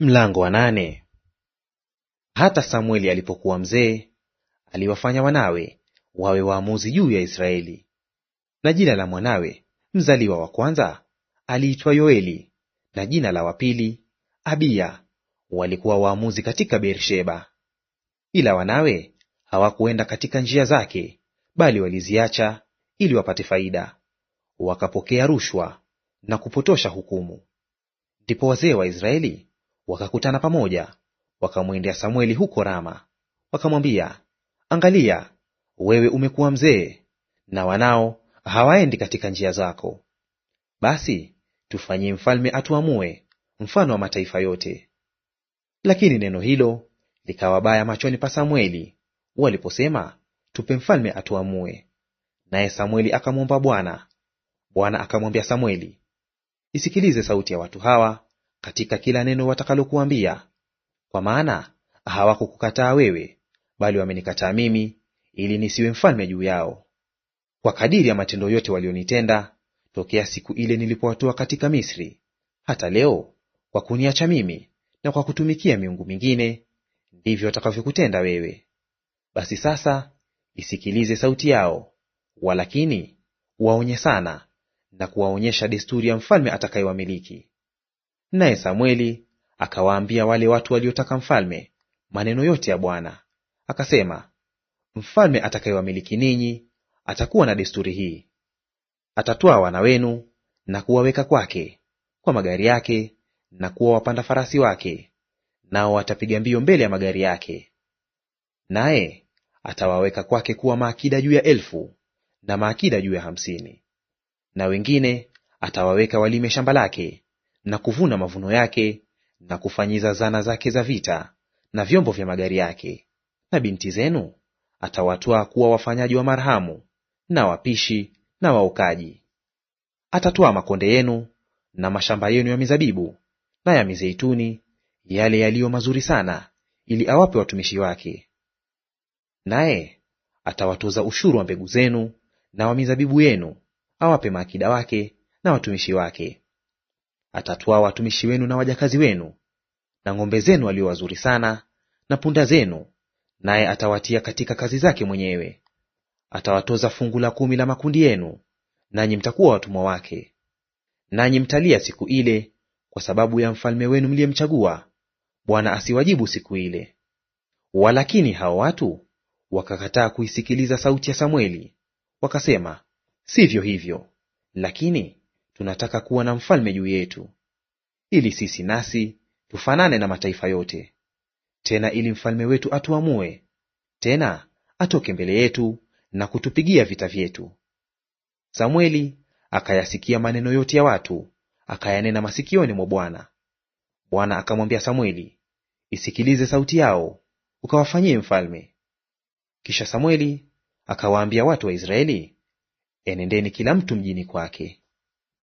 Mlango wa nane. Hata Samueli alipokuwa mzee, aliwafanya wanawe wawe waamuzi juu ya Israeli. Na jina la mwanawe mzaliwa wa kwanza aliitwa Yoeli, na jina la wapili Abia, Abiya; walikuwa waamuzi katika Beersheba. Ila wanawe hawakuenda katika njia zake, bali waliziacha ili wapate faida; wakapokea rushwa na kupotosha hukumu. Ndipo wazee wa Israeli Wakakutana pamoja, wakamwendea Samueli huko Rama, wakamwambia, Angalia, wewe umekuwa mzee, na wanao hawaendi katika njia zako. Basi tufanyie mfalme atuamue mfano wa mataifa yote. Lakini neno hilo likawa baya machoni pa Samueli waliposema, tupe mfalme atuamue. Naye Samueli akamwomba Bwana. Bwana akamwambia Samueli, isikilize sauti ya watu hawa katika kila neno watakalokuambia, kwa maana hawakukukataa wewe, bali wamenikataa mimi, ili nisiwe mfalme juu yao, kwa kadiri ya matendo yote walionitenda tokea siku ile nilipowatoa katika Misri hata leo, kwa kuniacha mimi na kwa kutumikia miungu mingine, ndivyo watakavyokutenda wewe. Basi sasa isikilize sauti yao, walakini waonye sana na kuwaonyesha desturi ya mfalme atakayewamiliki. Naye Samweli akawaambia wale watu waliotaka mfalme maneno yote ya Bwana. Akasema, mfalme atakayewamiliki ninyi atakuwa na desturi hii: atatwaa wana wenu na kuwaweka kwake kwa magari yake na kuwa wapanda farasi wake, nao watapiga mbio mbele ya magari yake. Naye atawaweka kwake kuwa maakida juu ya elfu na maakida juu ya hamsini, na wengine atawaweka walime shamba lake na kuvuna mavuno yake na kufanyiza zana zake za vita na vyombo vya magari yake. Na binti zenu atawatwaa kuwa wafanyaji wa marhamu na wapishi na waokaji. Atatwaa makonde yenu na mashamba yenu ya mizabibu na ya mizeituni, yale yaliyo mazuri sana, ili awape watumishi wake. Naye atawatoza ushuru wa mbegu zenu na wa mizabibu yenu, awape maakida wake na watumishi wake atatwaa watumishi wenu na wajakazi wenu na ng'ombe zenu walio wazuri sana na punda zenu, naye atawatia katika kazi zake mwenyewe. Atawatoza fungu la kumi la makundi yenu, nanyi mtakuwa watumwa wake. Nanyi mtalia siku ile kwa sababu ya mfalme wenu mliyemchagua, Bwana asiwajibu siku ile. Walakini hao watu wakakataa kuisikiliza sauti ya Samweli, wakasema, sivyo hivyo; lakini tunataka kuwa na mfalme juu yetu, ili sisi nasi tufanane na mataifa yote, tena ili mfalme wetu atuamue, tena atoke mbele yetu na kutupigia vita vyetu. Samueli akayasikia maneno yote ya watu, akayanena masikioni mwa Bwana. Bwana akamwambia Samueli, isikilize sauti yao, ukawafanyie mfalme. Kisha Samueli akawaambia watu wa Israeli, enendeni kila mtu mjini kwake.